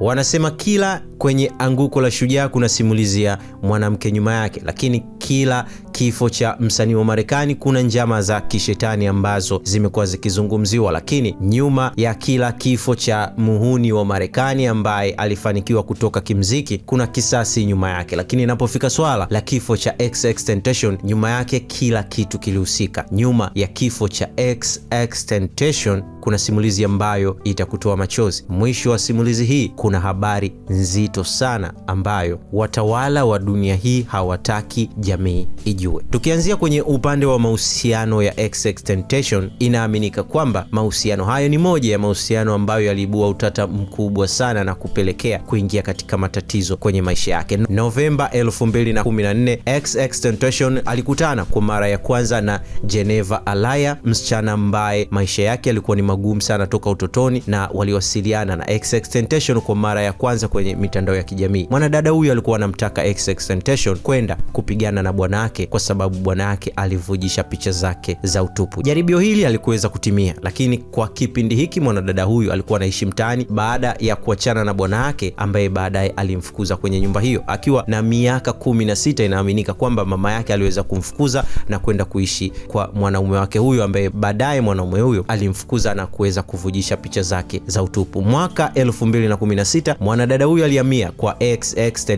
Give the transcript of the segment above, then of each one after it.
Wanasema kila kwenye anguko la shujaa kuna simulizi ya mwanamke nyuma yake, lakini kila kifo cha msanii wa Marekani, kuna njama za kishetani ambazo zimekuwa zikizungumziwa, lakini nyuma ya kila kifo cha muhuni wa Marekani ambaye alifanikiwa kutoka kimziki, kuna kisasi nyuma yake. Lakini inapofika swala la kifo cha XXXTentacion, nyuma yake kila kitu kilihusika. Nyuma ya kifo cha XXXTentacion kuna simulizi ambayo itakutoa machozi. Mwisho wa simulizi hii kuna habari nzito sana ambayo watawala wa dunia hii hawataki jamii usijue. Tukianzia kwenye upande wa mahusiano ya XXXTentacion, inaaminika kwamba mahusiano hayo ni moja ya mahusiano ambayo yaliibua utata mkubwa sana na kupelekea kuingia katika matatizo kwenye maisha yake. Novemba 2014, XXXTentacion alikutana kwa mara ya kwanza na Geneva Alaya, msichana ambaye maisha yake yalikuwa ni magumu sana toka utotoni, na waliwasiliana na XXXTentacion kwa mara ya kwanza kwenye mitandao ya kijamii. Mwanadada huyu alikuwa anamtaka XXXTentacion kwenda kupigana na bwanake kwa sababu bwana yake alivujisha picha zake za utupu. Jaribio hili alikuweza kutimia, lakini kwa kipindi hiki mwanadada huyu alikuwa anaishi mtaani baada ya kuachana na bwana yake ambaye baadaye alimfukuza kwenye nyumba hiyo akiwa na miaka kumi na sita. Inaaminika kwamba mama yake aliweza kumfukuza na kwenda kuishi kwa mwanaume wake huyo ambaye baadaye mwanaume huyo alimfukuza na kuweza kuvujisha picha zake za utupu. Mwaka 2016 mwanadada huyu alihamia kwa xx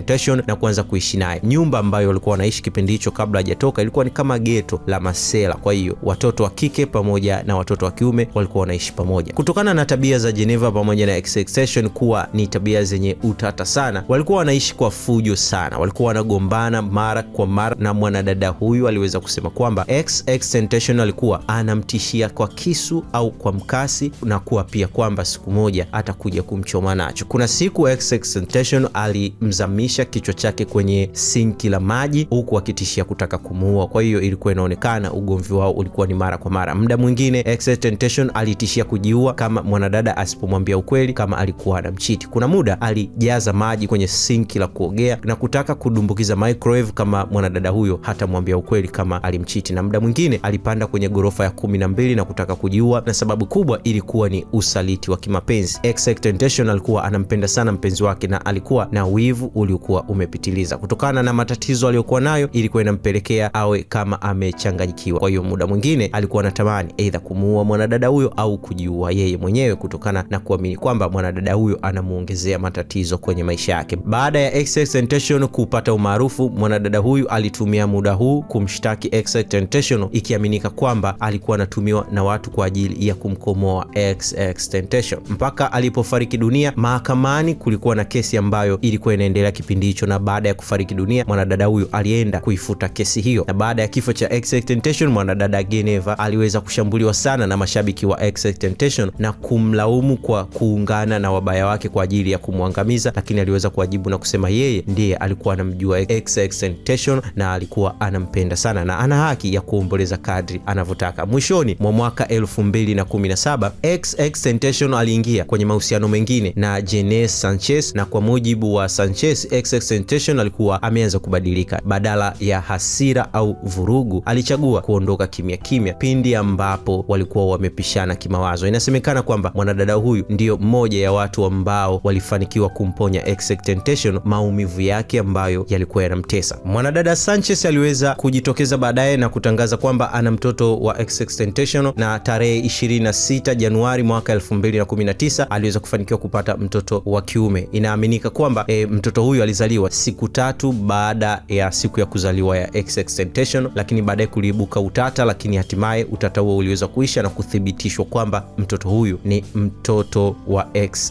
na kuanza kuishi naye nyumba ambayo walikuwa wanaishi kipindi hicho kabla hajatoka, ilikuwa ni kama geto la masela. Kwa hiyo watoto wa kike pamoja na watoto wa kiume walikuwa wanaishi pamoja. Kutokana na tabia za Geneva pamoja na XXXTentacion kuwa ni tabia zenye utata sana, walikuwa wanaishi kwa fujo sana, walikuwa wanagombana mara kwa mara, na mwanadada huyu aliweza kusema kwamba XXXTentacion alikuwa anamtishia kwa kisu au kwa mkasi na kuwa pia kwamba siku moja atakuja kumchoma nacho. Kuna siku XXXTentacion alimzamisha kichwa chake kwenye sinki la maji huku akitishia kutaka anataka kumuua. Kwa hiyo ilikuwa inaonekana ugomvi wao ulikuwa ni mara kwa mara. Muda mwingine Extentation alitishia kujiua kama mwanadada asipomwambia ukweli kama alikuwa anamchiti. Kuna muda alijaza maji kwenye sinki la kuogea na kutaka kudumbukiza microwave kama mwanadada huyo hatamwambia ukweli kama alimchiti, na muda mwingine alipanda kwenye ghorofa ya kumi na mbili na kutaka kujiua, na sababu kubwa ilikuwa ni usaliti wa kimapenzi. Extentation alikuwa anampenda sana mpenzi wake na alikuwa na wivu uliokuwa umepitiliza kutokana na matatizo aliyokuwa nayo, ilikuwa inampeleka kupelekea awe kama amechanganyikiwa. Kwa hiyo muda mwingine alikuwa anatamani aidha kumuua mwanadada huyo au kujiua yeye mwenyewe kutokana na kuamini kwamba mwanadada huyo anamuongezea matatizo kwenye maisha yake. Baada ya XXXTentacion kupata umaarufu, mwanadada huyu alitumia muda huu kumshtaki XXXTentacion, ikiaminika kwamba alikuwa anatumiwa na watu kwa ajili ya kumkomoa XXXTentacion. Mpaka alipofariki dunia mahakamani, kulikuwa na kesi ambayo ilikuwa inaendelea kipindi hicho, na baada ya kufariki dunia mwanadada huyu alienda kuifuta kesi kesi hiyo, na baada ya kifo cha XXXTentacion mwanadada Geneva aliweza kushambuliwa sana na mashabiki wa XXXTentacion na kumlaumu kwa kuungana na wabaya wake kwa ajili ya kumwangamiza, lakini aliweza kuwajibu na kusema yeye ndiye alikuwa anamjua XXXTentacion na alikuwa anampenda sana na ana haki ya kuomboleza kadri anavyotaka. Mwishoni mwa mwaka 2017 XXXTentacion aliingia kwenye mahusiano mengine na Jenes Sanchez, na kwa mujibu wa Sanchez, XXXTentacion alikuwa ameanza kubadilika badala ya hasi hasira au vurugu, alichagua kuondoka kimya kimya pindi ambapo walikuwa wamepishana kimawazo. Inasemekana kwamba mwanadada huyu ndiyo mmoja ya watu ambao walifanikiwa kumponya Extentation maumivu yake ambayo yalikuwa yanamtesa. Mwanadada Sanchez aliweza kujitokeza baadaye na kutangaza kwamba ana mtoto wa Extentation na tarehe 26 Januari mwaka 2019 aliweza kufanikiwa kupata mtoto wa kiume. Inaaminika kwamba e, mtoto huyu alizaliwa siku tatu baada ya siku ya kuzaliwa ya X extentation, lakini baadaye kuliibuka utata, lakini hatimaye utata huo uliweza kuisha na kuthibitishwa kwamba mtoto huyu ni mtoto wa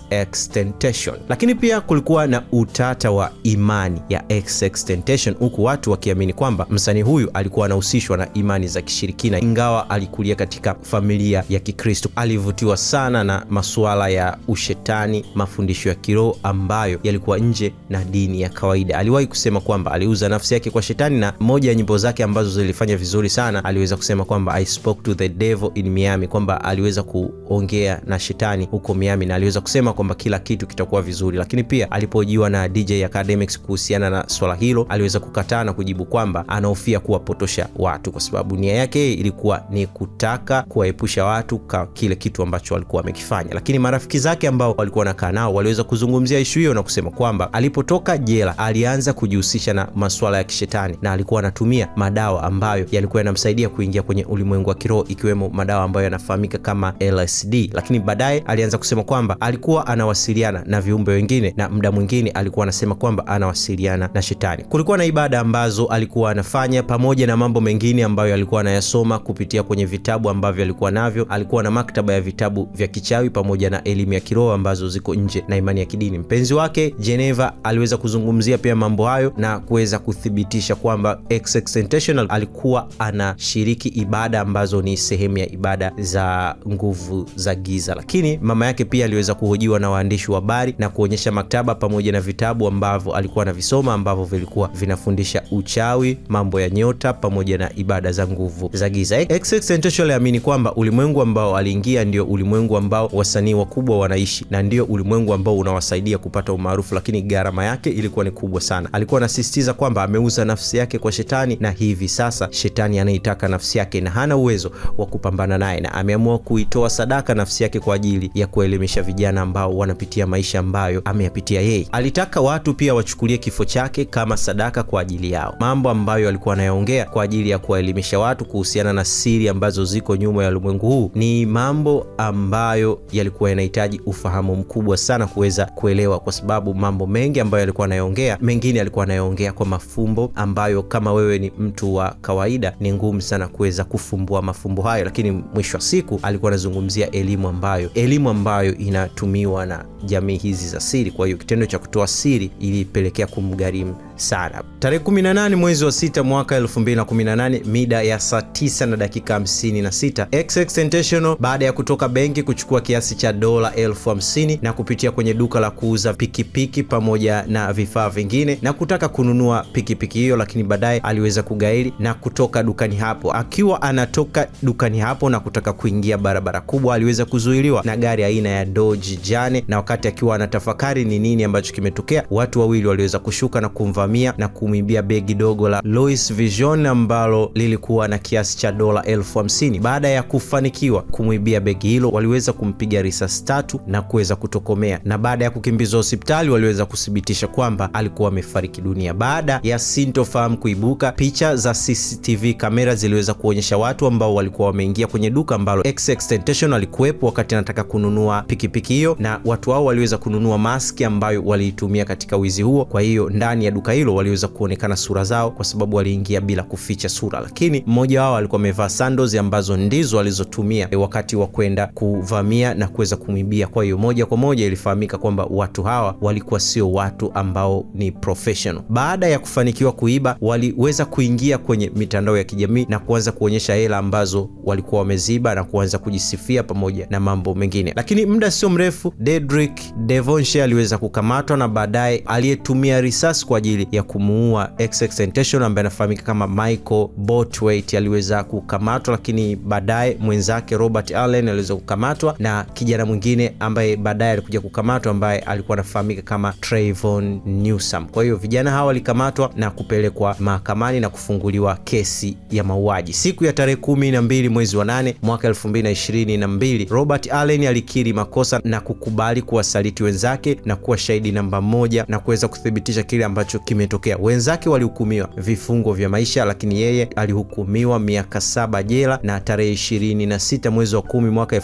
extentation. Lakini pia kulikuwa na utata wa imani ya extentation, huku watu wakiamini kwamba msanii huyu alikuwa anahusishwa na imani za kishirikina. Ingawa alikulia katika familia ya Kikristo, alivutiwa sana na masuala ya ushetani, mafundisho ya kiroho ambayo yalikuwa nje na dini ya kawaida. Aliwahi kusema kwamba aliuza nafsi yake kwa shetani na moja ya nyimbo zake ambazo zilifanya vizuri sana, aliweza kusema kwamba I spoke to the devil in Miami, kwamba aliweza kuongea na shetani huko Miami, na aliweza kusema kwamba kila kitu kitakuwa vizuri. Lakini pia alipojiwa na DJ Academics kuhusiana na swala hilo, aliweza kukataa na kujibu kwamba anahofia kuwapotosha watu, kwa sababu nia yake ilikuwa ni kutaka kuwaepusha watu kwa kile kitu ambacho alikuwa amekifanya. Lakini marafiki zake ambao walikuwa wanakaa nao waliweza kuzungumzia ishu hiyo na kusema kwamba alipotoka jela alianza kujihusisha na masuala ya kishetani na alikuwa na anatumia madawa ambayo yalikuwa yanamsaidia kuingia kwenye ulimwengu wa kiroho ikiwemo madawa ambayo yanafahamika kama LSD, lakini baadaye alianza kusema kwamba alikuwa anawasiliana na viumbe wengine na muda mwingine alikuwa anasema kwamba anawasiliana na shetani. Kulikuwa na ibada ambazo alikuwa anafanya pamoja na mambo mengine ambayo alikuwa anayasoma kupitia kwenye vitabu ambavyo alikuwa navyo. Alikuwa na maktaba ya vitabu vya kichawi pamoja na elimu ya kiroho ambazo ziko nje na imani ya kidini. Mpenzi wake Geneva aliweza kuzungumzia pia mambo hayo na kuweza kuthibitisha kwamba XXXTentacion alikuwa anashiriki ibada ambazo ni sehemu ya ibada za nguvu za giza, lakini mama yake pia aliweza kuhojiwa na waandishi wa habari na kuonyesha maktaba pamoja na vitabu ambavyo alikuwa anavisoma ambavyo vilikuwa vinafundisha uchawi, mambo ya nyota pamoja na ibada za nguvu za giza. XXXTentacion aliamini kwamba ulimwengu ambao aliingia ndio ulimwengu ambao wasanii wakubwa wanaishi na ndio ulimwengu ambao unawasaidia kupata umaarufu, lakini gharama yake ilikuwa ni kubwa sana. Alikuwa anasistiza kwamba ameuza nafsi yake kwa shetani shetani, na hivi sasa shetani anaitaka nafsi yake na hana uwezo wa kupambana naye, na ameamua kuitoa sadaka nafsi yake kwa ajili ya kuelimisha vijana ambao wanapitia maisha ambayo ameyapitia yeye. Alitaka watu pia wachukulie kifo chake kama sadaka kwa ajili yao, mambo ambayo alikuwa anayaongea kwa ajili ya kuwaelimisha watu kuhusiana na siri ambazo ziko nyuma ya ulimwengu huu ni mambo ambayo yalikuwa yanahitaji ufahamu mkubwa sana kuweza kuelewa, kwa sababu mambo mengi ambayo alikuwa anayaongea, mengine alikuwa anayaongea kwa mafumbo ambayo kama wewe ni mtu wa kawaida, ni ngumu sana kuweza kufumbua mafumbo hayo, lakini mwisho wa siku alikuwa anazungumzia elimu ambayo elimu ambayo inatumiwa na jamii hizi za siri. Kwa hiyo kitendo cha kutoa siri ilipelekea kumgharimu sana. Tarehe 18 mwezi wa sita mwaka 2018 mida ya saa 9 na dakika 56, XXXTentacion baada ya kutoka benki kuchukua kiasi cha dola elfu hamsini na kupitia kwenye duka la kuuza pikipiki pamoja na vifaa vingine na kutaka kununua pikipiki hiyo, lakini baadaye aliweza kugaili na kutoka dukani hapo. Akiwa anatoka dukani hapo na kutaka kuingia barabara kubwa, aliweza kuzuiliwa na gari aina ya Dodge Jane, na wakati akiwa anatafakari ni nini ambacho kimetokea, watu wawili waliweza kushuka na kumvamia kuvamia na kumwibia begi dogo la Louis vision ambalo lilikuwa na kiasi cha dola elfu hamsini. Baada ya kufanikiwa kumwibia begi hilo, waliweza kumpiga risasi tatu na kuweza kutokomea, na baada ya kukimbizwa hospitali waliweza kuthibitisha kwamba alikuwa amefariki dunia. Baada ya sintofahamu kuibuka, picha za CCTV kamera ziliweza kuonyesha watu ambao walikuwa wameingia kwenye duka ambalo XXXTentacion alikuwepo wakati anataka kununua pikipiki hiyo, na watu hao waliweza kununua maski ambayo waliitumia katika wizi huo. Kwa hiyo ndani ya duka kuepuka hilo, waliweza kuonekana sura zao kwa sababu waliingia bila kuficha sura, lakini mmoja wao alikuwa amevaa sandals ambazo ndizo alizotumia wakati wa kwenda kuvamia na kuweza kumwibia. Kwa hiyo moja kwa moja ilifahamika kwamba watu hawa walikuwa sio watu ambao ni professional. Baada ya kufanikiwa kuiba, waliweza kuingia kwenye mitandao ya kijamii na kuanza kuonyesha hela ambazo walikuwa wameziba na kuanza kujisifia pamoja na mambo mengine, lakini muda sio mrefu Dedrick Devonshire aliweza kukamatwa na baadaye aliyetumia risasi kwa ajili ajili ya kumuua XXXTentacion ambaye anafahamika kama Michael Botwait aliweza kukamatwa, lakini baadaye mwenzake Robert Allen aliweza kukamatwa na kijana mwingine ambaye baadaye alikuja kukamatwa ambaye alikuwa anafahamika kama Trayvon Newsome. Kwa hiyo vijana hawa walikamatwa na kupelekwa mahakamani na kufunguliwa kesi ya mauaji. Siku ya tarehe kumi na mbili mwezi wa nane mwaka elfu mbili na ishirini na mbili Robert Allen alikiri makosa na kukubali kuwasaliti wenzake na kuwa shahidi namba moja na kuweza kuthibitisha kile ambacho kimetokea. Wenzake walihukumiwa vifungo vya maisha, lakini yeye alihukumiwa miaka saba jela, na tarehe 26 mwezi wa kumi mwaka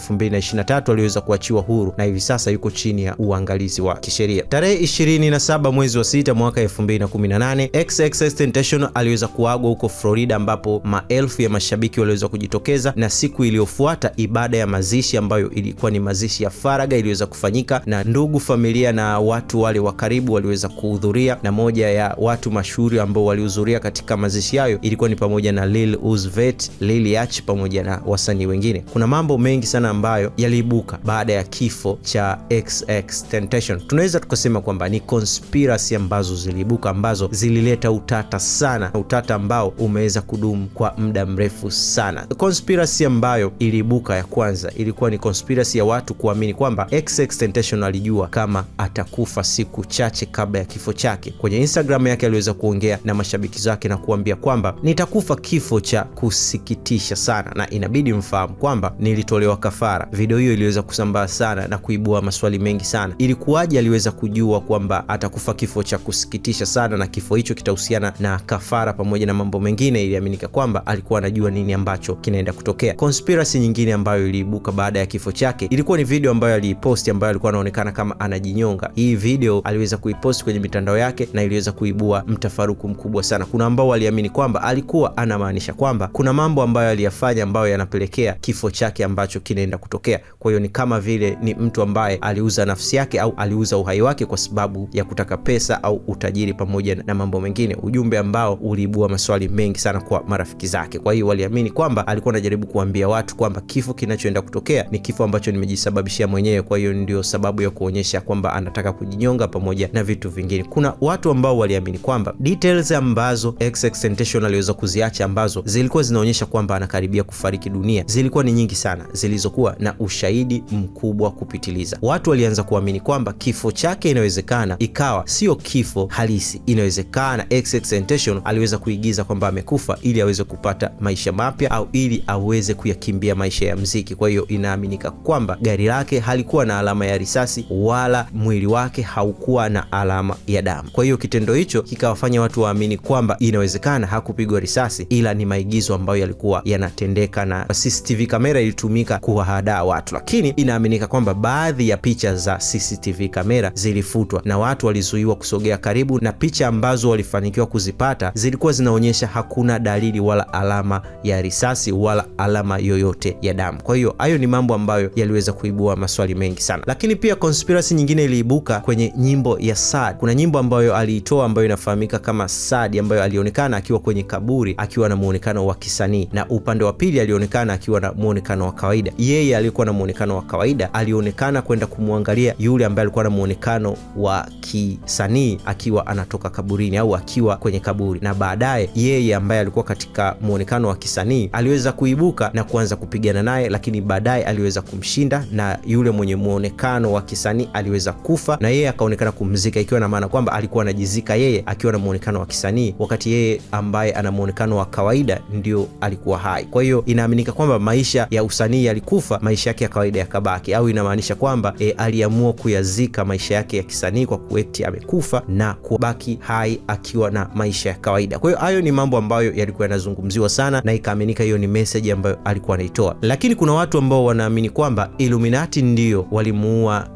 tatu aliweza kuachiwa huru na hivi sasa yuko chini ya uangalizi wa kisheria. Tarehe saba mwezi wa sita mwaka nane XXXTentacion aliweza kuagwa huko Florida, ambapo maelfu ya mashabiki waliweza kujitokeza, na siku iliyofuata ibada ya mazishi ambayo ilikuwa ni mazishi ya faraga iliweza kufanyika, na ndugu, familia na watu wale wa karibu waliweza kuhudhuria, na moja ya ya watu mashuhuri ambao walihudhuria katika mazishi hayo ilikuwa ni pamoja na Lil Uzi Vert, Lil Yach pamoja na wasanii wengine. Kuna mambo mengi sana ambayo yaliibuka baada ya kifo cha XXXTentacion. Tunaweza tukasema kwamba ni conspiracy ambazo ziliibuka ambazo zilileta utata sana, utata ambao umeweza kudumu kwa muda mrefu sana. Conspiracy ambayo iliibuka ya kwanza ilikuwa ni conspiracy ya watu kuamini kwamba XXXTentacion alijua kama atakufa siku chache kabla ya kifo chake. Kwenye Instagram Instagram yake aliweza kuongea na mashabiki zake na kuambia kwamba nitakufa kifo cha kusikitisha sana, na inabidi mfahamu kwamba nilitolewa kafara. Video hiyo iliweza kusambaa sana na kuibua maswali mengi sana. Ilikuwaje aliweza kujua kwamba atakufa kifo cha kusikitisha sana na kifo hicho kitahusiana na kafara pamoja na mambo mengine? Iliaminika kwamba alikuwa anajua nini ambacho kinaenda kutokea. Conspiracy nyingine ambayo iliibuka baada ya kifo chake ilikuwa ni video ambayo aliiposti, ambayo alikuwa anaonekana kama anajinyonga. Hii video aliweza kuiposti kwenye mitandao yake na iliweza kuibua mtafaruku mkubwa sana. Kuna ambao waliamini kwamba alikuwa anamaanisha kwamba kuna mambo ambayo aliyafanya ambayo yanapelekea kifo chake ambacho kinaenda kutokea. Kwa hiyo ni kama vile ni mtu ambaye aliuza nafsi yake au aliuza uhai wake kwa sababu ya kutaka pesa au utajiri pamoja na mambo mengine, ujumbe ambao uliibua maswali mengi sana kwa marafiki zake. Kwa hiyo waliamini kwamba alikuwa anajaribu kuambia watu kwamba kifo kinachoenda kutokea ni kifo ambacho nimejisababishia mwenyewe, kwa hiyo ndio sababu ya kuonyesha kwamba anataka kujinyonga pamoja na vitu vingine. Kuna watu ambao waliamini kwamba details ambazo XXXTentacion aliweza kuziacha ambazo zilikuwa zinaonyesha kwamba anakaribia kufariki dunia zilikuwa ni nyingi sana zilizokuwa na ushahidi mkubwa kupitiliza. Watu walianza kuamini kwamba kifo chake inawezekana ikawa sio kifo halisi, inawezekana XXXTentacion aliweza kuigiza kwamba amekufa ili aweze kupata maisha mapya au ili aweze kuyakimbia maisha ya mziki. Kwa hiyo inaaminika kwamba gari lake halikuwa na alama ya risasi wala mwili wake haukuwa na alama ya damu. Kwa hiyo kitendo hicho kikawafanya watu waamini kwamba inawezekana hakupigwa risasi, ila ni maigizo ambayo yalikuwa yanatendeka na CCTV kamera ilitumika kuwahadaa watu, lakini inaaminika kwamba baadhi ya picha za CCTV kamera zilifutwa na watu walizuiwa kusogea karibu, na picha ambazo walifanikiwa kuzipata zilikuwa zinaonyesha hakuna dalili wala alama ya risasi wala alama yoyote ya damu. Kwa hiyo hayo ni mambo ambayo yaliweza kuibua maswali mengi sana, lakini pia conspiracy nyingine iliibuka kwenye nyimbo ya sad Kuna nyimbo ambayo aliitoa Picasso ambayo inafahamika kama Sadi ambayo alionekana akiwa kwenye kaburi akiwa na muonekano wa kisanii, na upande wa pili alionekana akiwa na muonekano wa kawaida. Yeye aliyekuwa na muonekano wa kawaida alionekana kwenda kumwangalia yule ambaye alikuwa na muonekano wa kisanii akiwa anatoka kaburini au akiwa kwenye kaburi, na baadaye yeye ambaye alikuwa katika muonekano wa kisanii aliweza kuibuka na kuanza kupigana naye, lakini baadaye aliweza kumshinda na yule mwenye muonekano wa kisanii aliweza kufa na yeye akaonekana kumzika, ikiwa na maana kwamba alikuwa anajizika aliandika yeye akiwa na muonekano wa kisanii, wakati yeye ambaye ana muonekano wa kawaida ndio alikuwa hai. Kwa hiyo inaaminika kwamba maisha ya usanii yalikufa, maisha yake ya kawaida yakabaki, au inamaanisha kwamba e, aliamua kuyazika maisha yake ya kisanii kwa kueti amekufa na kubaki hai akiwa na maisha ya kawaida. Kwa hiyo hayo ni mambo ambayo yalikuwa yanazungumziwa sana na ikaaminika hiyo ni meseji ambayo alikuwa anaitoa, lakini kuna watu ambao wanaamini kwamba iluminati ndio walimuua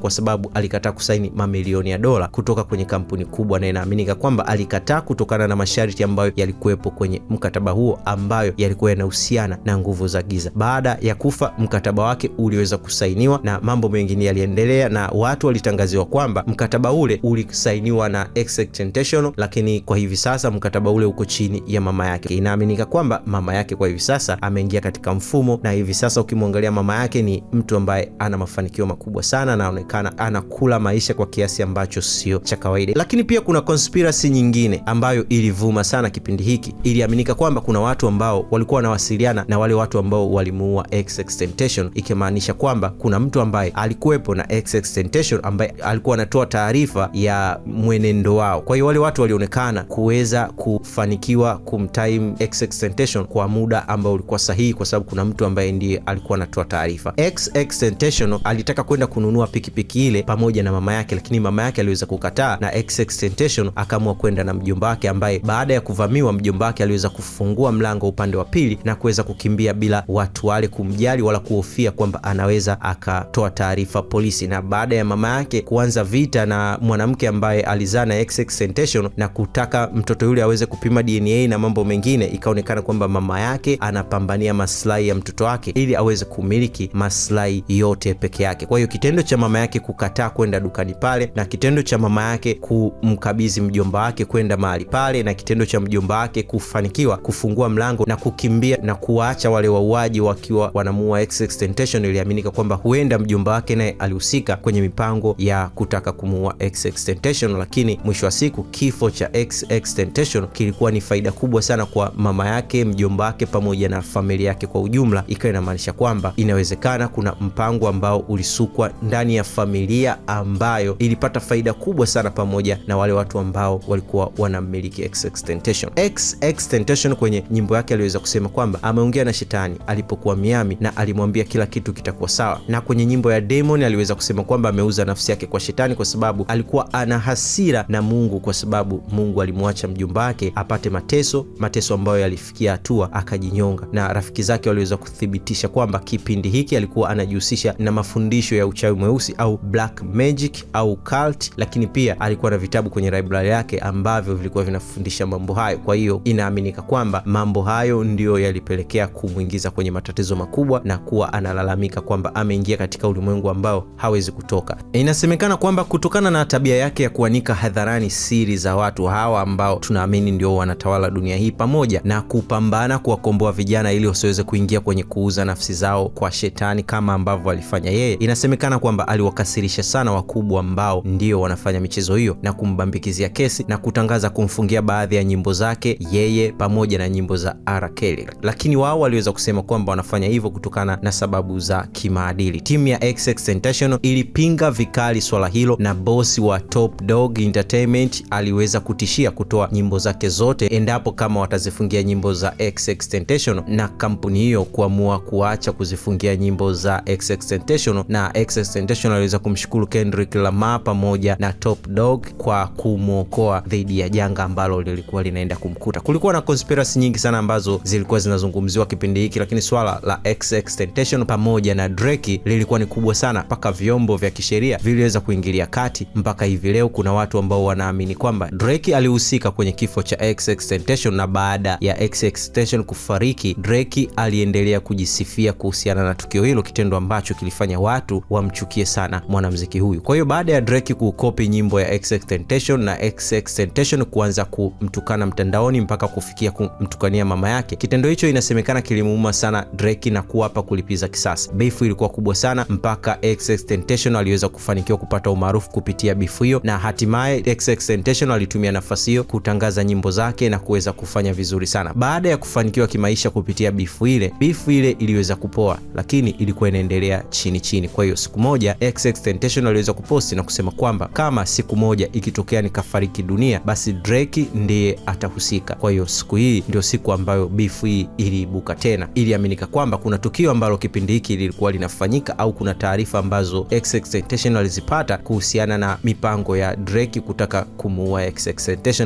kwa sababu alikataa kusaini mamilioni ya dola kutoka kwenye kampuni kampuni kubwa, na inaaminika kwamba alikataa kutokana na masharti ambayo yalikuwepo kwenye mkataba huo ambayo yalikuwa yanahusiana na nguvu za giza. Baada ya kufa, mkataba wake uliweza kusainiwa na mambo mengine yaliendelea, na watu walitangaziwa kwamba mkataba ule ulisainiwa na lakini kwa hivi sasa mkataba ule uko chini ya mama yake. Inaaminika kwamba mama yake kwa hivi sasa ameingia katika mfumo, na hivi sasa ukimwangalia mama yake ni mtu ambaye ana mafanikio makubwa sana, anaonekana anakula maisha kwa kiasi ambacho sio cha kawaida. Lakini pia kuna conspiracy nyingine ambayo ilivuma sana kipindi hiki. Iliaminika kwamba kuna watu ambao walikuwa wanawasiliana na wale watu ambao walimuua XXXTentacion, ikimaanisha kwamba kuna mtu ambaye alikuwepo na XXXTentacion ambaye alikuwa anatoa taarifa ya mwenendo wao. Kwa hiyo wale watu walionekana kuweza kufanikiwa kumtime XXXTentacion kwa muda ambao ulikuwa sahihi, kwa sababu kuna mtu ambaye ndiye alikuwa anatoa taarifa. XXXTentacion alitaka kwenda kununua pikipiki ile pamoja na mama yake, lakini mama yake aliweza kukataa na XXXTentacion akaamua kwenda na mjomba wake, ambaye baada ya kuvamiwa mjomba wake aliweza kufungua mlango upande wa pili na kuweza kukimbia bila watu wale kumjali wala kuhofia kwamba anaweza akatoa taarifa polisi. Na baada ya mama yake kuanza vita na mwanamke ambaye alizaa na XXXTentacion na kutaka mtoto yule aweze kupima DNA na mambo mengine, ikaonekana kwamba mama yake anapambania maslahi ya mtoto wake ili aweze kumiliki maslahi yote peke yake. Kwa hiyo kitendo cha mama yake kukataa kwenda dukani pale na kitendo cha mama yake ku kumkabidhi mjomba wake kwenda mahali pale, na kitendo cha mjomba wake kufanikiwa kufungua mlango na kukimbia na kuwaacha wale wauaji wakiwa wanamuua iliaminika kwamba huenda mjomba wake naye alihusika kwenye mipango ya kutaka kumuua lakini mwisho wa siku kifo cha kilikuwa ni faida kubwa sana kwa mama yake, mjomba wake pamoja na familia yake kwa ujumla, ikiwa inamaanisha kwamba inawezekana kuna mpango ambao ulisukwa ndani ya familia ambayo ilipata faida kubwa sana pamoja pamoja na wale watu ambao walikuwa wanamiliki XXXTentacion. XXXTentacion kwenye nyimbo yake aliweza kusema kwamba ameongea na shetani alipokuwa Miami na alimwambia kila kitu kitakuwa sawa, na kwenye nyimbo ya Demon aliweza kusema kwamba ameuza nafsi yake kwa shetani kwa sababu alikuwa ana hasira na Mungu kwa sababu Mungu alimwacha mjumba wake apate mateso, mateso ambayo yalifikia hatua akajinyonga, na rafiki zake waliweza kuthibitisha kwamba kipindi hiki alikuwa anajihusisha na mafundisho ya uchawi mweusi au black magic au cult, lakini pia alikuwa na vitabu kwenye library yake ambavyo vilikuwa vinafundisha mambo hayo. Kwa hiyo inaaminika kwamba mambo hayo ndiyo yalipelekea kumwingiza kwenye matatizo makubwa na kuwa analalamika kwamba ameingia katika ulimwengu ambao hawezi kutoka. E, inasemekana kwamba kutokana na tabia yake ya kuanika hadharani siri za watu hawa ambao tunaamini ndio wanatawala dunia hii, pamoja na kupambana kuwakomboa vijana ili wasiweze kuingia kwenye kuuza nafsi zao kwa shetani kama ambavyo alifanya yeye, inasemekana kwamba aliwakasirisha sana wakubwa ambao ndio wanafanya michezo hiyo na kumbambikizia kesi na kutangaza kumfungia baadhi ya nyimbo zake yeye pamoja na nyimbo za R Kelly, lakini wao waliweza kusema kwamba wanafanya hivyo kutokana na sababu za kimaadili. Timu ya XXXTentacion ilipinga vikali swala hilo na bosi wa Top Dog Entertainment aliweza kutishia kutoa nyimbo zake zote endapo kama watazifungia nyimbo za XXXTentacion na kampuni hiyo kuamua kuacha kuzifungia nyimbo za XXXTentacion, na XXXTentacion aliweza kumshukuru Kendrick Lamar pamoja na Top Dog kwa kumwokoa dhidi ya janga ambalo lilikuwa linaenda kumkuta. Kulikuwa na conspiracy nyingi sana ambazo zilikuwa zinazungumziwa kipindi hiki, lakini swala la XXXTentacion pamoja na Drake lilikuwa ni kubwa sana mpaka vyombo vya kisheria viliweza kuingilia kati. Mpaka hivi leo kuna watu ambao wanaamini kwamba Drake alihusika kwenye kifo cha na baada ya XXXTentacion kufariki, Drake aliendelea kujisifia kuhusiana na tukio hilo, kitendo ambacho kilifanya watu wamchukie sana mwanamziki huyu. Kwa hiyo baada ya Drake kukopi nyimbo ya XXXTentacion, XXXTentacion na XXXTentacion kuanza kumtukana mtandaoni mpaka kufikia kumtukania mama yake. Kitendo hicho inasemekana kilimuuma sana Drake na kuwapa kulipiza kisasi. Bifu ilikuwa kubwa sana mpaka XXXTentacion aliweza kufanikiwa kupata umaarufu kupitia bifu hiyo, na hatimaye XXXTentacion alitumia nafasi hiyo kutangaza nyimbo zake na kuweza kufanya vizuri sana. Baada ya kufanikiwa kimaisha kupitia bifu ile, bifu ile iliweza kupoa, lakini ilikuwa inaendelea chini chini. Kwa hiyo siku moja XXXTentacion aliweza kuposti na kusema kwamba kama siku moja moja ikitokea nikafariki dunia, basi Drake ndiye atahusika. Kwa hiyo siku hii ndio siku ambayo beef hii iliibuka tena. Iliaminika kwamba kuna tukio ambalo kipindi hiki lilikuwa linafanyika au kuna taarifa ambazo XXXTentacion alizipata kuhusiana na mipango ya Drake kutaka kumuua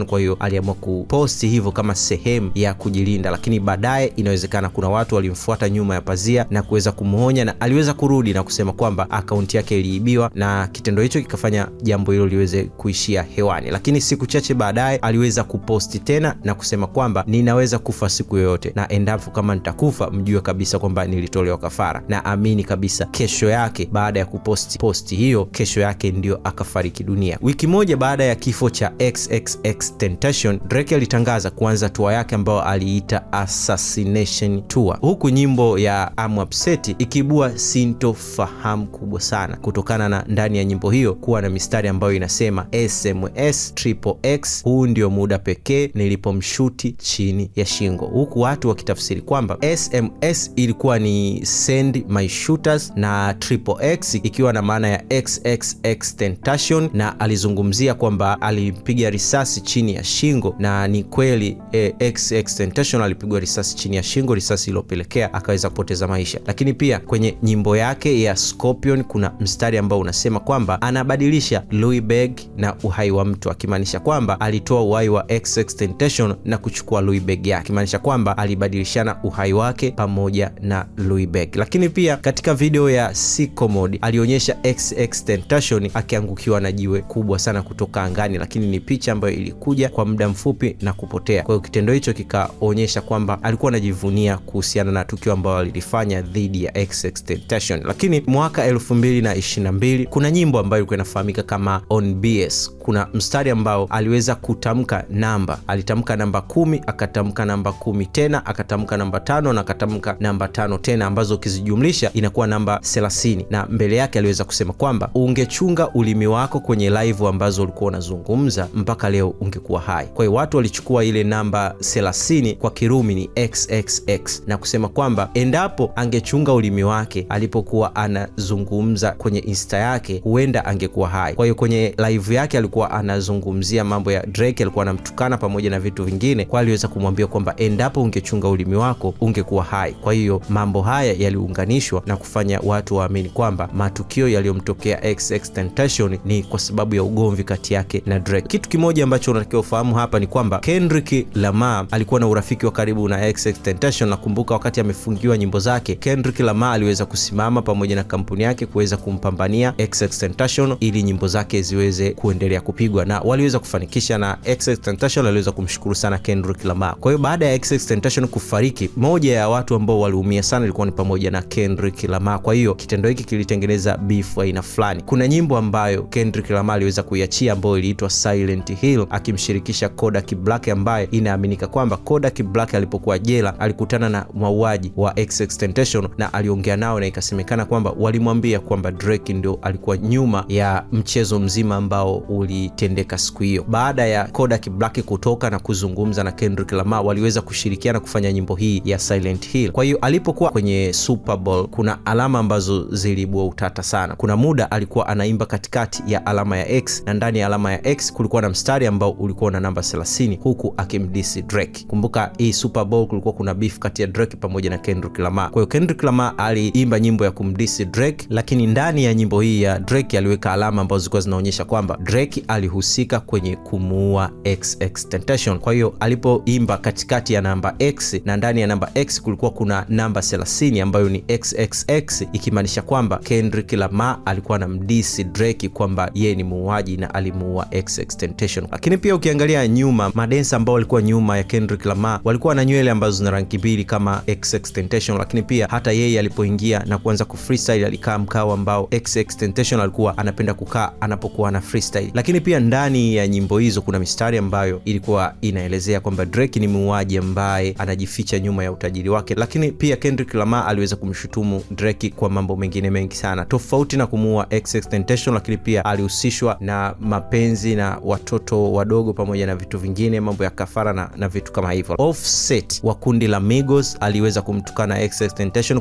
Kwa hiyo aliamua kuposti hivyo kama sehemu ya kujilinda, lakini baadaye inawezekana kuna watu walimfuata nyuma ya pazia na kuweza kumwonya, na aliweza kurudi na kusema kwamba akaunti yake iliibiwa na kitendo hicho kikafanya jambo hilo liweze ku kuishia hewani, lakini siku chache baadaye aliweza kuposti tena na kusema kwamba ninaweza kufa siku yoyote, na endapo kama nitakufa mjue kabisa kwamba nilitolewa kafara. Na amini kabisa, kesho yake baada ya kuposti posti hiyo, kesho yake ndiyo akafariki dunia. Wiki moja baada ya kifo cha XXXTentacion, Drake alitangaza kuanza tua yake ambayo aliita Assassination Tour, huku nyimbo ya I'm Upset ikiibua sintofahamu kubwa sana kutokana na ndani ya nyimbo hiyo kuwa na mistari ambayo inasema SMS triple X. Huu ndio muda pekee nilipomshuti chini ya shingo, huku watu wakitafsiri kwamba SMS ilikuwa ni send my shooters na triple X ikiwa na maana ya XXX tentation, na alizungumzia kwamba alipiga risasi chini ya shingo, na ni kweli eh, XX tentation alipigwa risasi chini ya shingo, risasi iliyopelekea akaweza kupoteza maisha. Lakini pia kwenye nyimbo yake ya Scorpion kuna mstari ambao unasema kwamba anabadilisha Louis Beg na na uhai wa mtu, akimaanisha kwamba alitoa uhai wa extentation na kuchukua luibeg yake akimaanisha kwamba alibadilishana uhai wake pamoja na luibeg Lakini pia katika video ya sicomod alionyesha X-Extentation akiangukiwa na jiwe kubwa sana kutoka angani, lakini ni picha ambayo ilikuja kwa muda mfupi na kupotea. Kwa hiyo kitendo hicho kikaonyesha kwamba alikuwa anajivunia kuhusiana na tukio ambayo alilifanya dhidi ya X-Extentation. Lakini mwaka 222 kuna nyimbo ambayo ilikuwa inafahamika kama On BS kuna mstari ambao aliweza kutamka namba, alitamka namba kumi, akatamka namba kumi tena, akatamka namba tano na akatamka namba tano tena, ambazo ukizijumlisha inakuwa namba 30 Na mbele yake aliweza kusema kwamba ungechunga ulimi wako kwenye live ambazo ulikuwa unazungumza mpaka leo ungekuwa hai. Kwa hiyo watu walichukua ile namba 30 kwa Kirumi ni XXX na kusema kwamba endapo angechunga ulimi wake alipokuwa anazungumza kwenye insta yake huenda angekuwa hai. Kwa hiyo kwenye live yake yake alikuwa anazungumzia mambo ya Drake, alikuwa anamtukana pamoja na vitu vingine, kwa aliweza kumwambia kwamba endapo ungechunga ulimi wako ungekuwa hai. Kwa hiyo mambo haya yaliunganishwa na kufanya watu waamini kwamba matukio yaliyomtokea XXXTentacion ni kwa sababu ya ugomvi kati yake na Drake. Kitu kimoja ambacho unatakiwa ufahamu hapa ni kwamba Kendrick Lamar alikuwa na urafiki wa karibu na XXXTentacion. Nakumbuka wakati amefungiwa nyimbo zake, Kendrick Lamar aliweza kusimama pamoja na kampuni yake kuweza kumpambania XXXTentacion ili nyimbo zake ziweze ku kuendelea kupigwa na waliweza kufanikisha, na XXXTentacion aliweza kumshukuru sana Kendrick Lamar. Kwa hiyo baada ya XXXTentacion kufariki, moja ya watu ambao waliumia sana ilikuwa ni pamoja na Kendrick Lamar. Kwa hiyo kitendo hiki kilitengeneza beef aina fulani. Kuna nyimbo ambayo Kendrick Lamar aliweza kuiachia ambayo iliitwa Silent Hill akimshirikisha Kodak Black, ambaye inaaminika kwamba Kodak Black alipokuwa jela alikutana na mauaji wa XXXTentacion na aliongea nao na ikasemekana kwamba walimwambia kwamba Drake ndio alikuwa nyuma ya mchezo mzima ambao ulitendeka siku hiyo. Baada ya Kodak Black kutoka na kuzungumza na Kendrick Lamar, waliweza kushirikiana kufanya nyimbo hii ya Silent Hill. Kwa hiyo alipokuwa kwenye Super Bowl, kuna alama ambazo ziliibua utata sana. Kuna muda alikuwa anaimba katikati ya alama ya X na ndani ya alama ya X kulikuwa na mstari ambao ulikuwa na namba 30 huku akimdisi Drake. Kumbuka hii Super Bowl kulikuwa kuna beef kati ya Drake pamoja na Kendrick Lamar. Kwa hiyo Kendrick Lamar aliimba nyimbo ya kumdisi Drake, lakini ndani ya nyimbo hii ya Drake aliweka alama ambazo zilikuwa zinaonyesha kwamba Drake alihusika kwenye kumuua XXXTentacion. Kwa hiyo alipoimba katikati ya namba X na ndani ya namba X kulikuwa kuna namba 30 ambayo ni XXX, ikimaanisha kwamba Kendrick Lamar alikuwa na mdisi Drake kwamba yeye ni muuaji na alimuua XXXTentacion. Lakini pia ukiangalia nyuma, madensa ambao walikuwa nyuma ya Kendrick Lamar walikuwa na nywele ambazo zina rangi mbili kama XXXTentacion, lakini pia hata yeye alipoingia na kuanza kufreestyle alikaa mkao ambao XXXTentacion alikuwa anapenda kukaa anapokuwa na freestyle stahiki. Lakini pia ndani ya nyimbo hizo kuna mistari ambayo ilikuwa inaelezea kwamba Drake ni muuaji ambaye anajificha nyuma ya utajiri wake, lakini pia Kendrick Lamar aliweza kumshutumu Drake kwa mambo mengine mengi sana, tofauti na kumuua lakini pia alihusishwa na mapenzi na watoto wadogo pamoja na vitu vingine, mambo ya kafara na, na vitu kama hivyo. Offset wa kundi la Migos aliweza kumtukana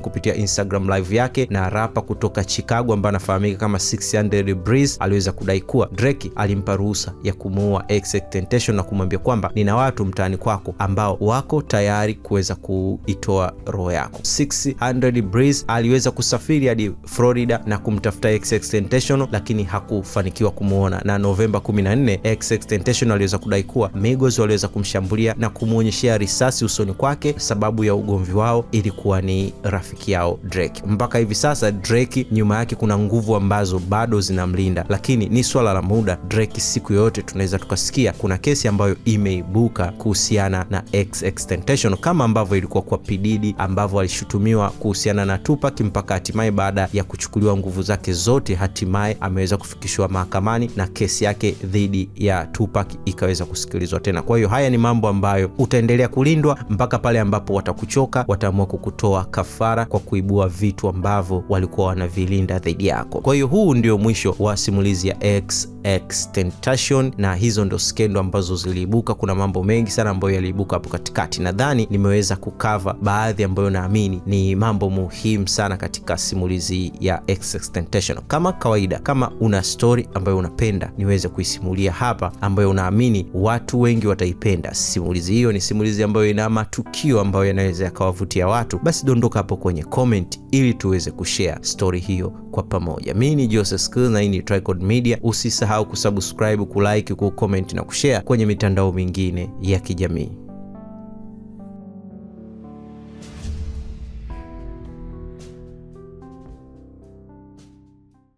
kupitia Instagram live yake, na rapa kutoka Chicago ambaye anafahamika kama 600 Breeze aliweza kudai kuwa Drake Drake alimpa ruhusa ya kumuua XXXTentacion na kumwambia kwamba nina watu mtaani kwako ambao wako tayari kuweza kuitoa roho yako. 600 Breeze aliweza kusafiri hadi Florida na kumtafuta XXXTentacion lakini hakufanikiwa kumuona, na Novemba 14 XXXTentacion aliweza kudai kuwa Migos waliweza kumshambulia na kumwonyeshea risasi usoni kwake. Sababu ya ugomvi wao ilikuwa ni rafiki yao Drake. Mpaka hivi sasa Drake nyuma yake kuna nguvu ambazo bado zinamlinda, lakini ni swala la muda Drake, siku yoyote tunaweza tukasikia kuna kesi ambayo imeibuka kuhusiana na XXXTentacion kama ambavyo ilikuwa kwa pididi ambavyo alishutumiwa kuhusiana na Tupac, mpaka hatimaye baada ya kuchukuliwa nguvu zake zote, hatimaye ameweza kufikishwa mahakamani na kesi yake dhidi ya Tupac ikaweza kusikilizwa tena. Kwa hiyo haya ni mambo ambayo utaendelea kulindwa mpaka pale ambapo watakuchoka, wataamua kukutoa kafara kwa kuibua vitu ambavyo walikuwa wanavilinda dhidi yako. Kwa hiyo huu ndio mwisho wa simulizi ya X extentation, na hizo ndo skendo ambazo ziliibuka. Kuna mambo mengi sana ambayo yaliibuka hapo katikati. Nadhani nimeweza kukava baadhi ambayo naamini ni mambo muhimu sana katika simulizi ya extentation. Kama kawaida, kama una story ambayo unapenda niweze kuisimulia hapa, ambayo unaamini watu wengi wataipenda, simulizi hiyo ni simulizi ambayo ina matukio ambayo yanaweza yakawavutia watu, basi dondoka hapo kwenye comment ili tuweze kushare story hiyo kwa pamoja. mi ni joseh na hii ni Tricod Media. Usisahau usisahau kusubscribe, kulike, kucomment na kushare kwenye mitandao mingine ya kijamii.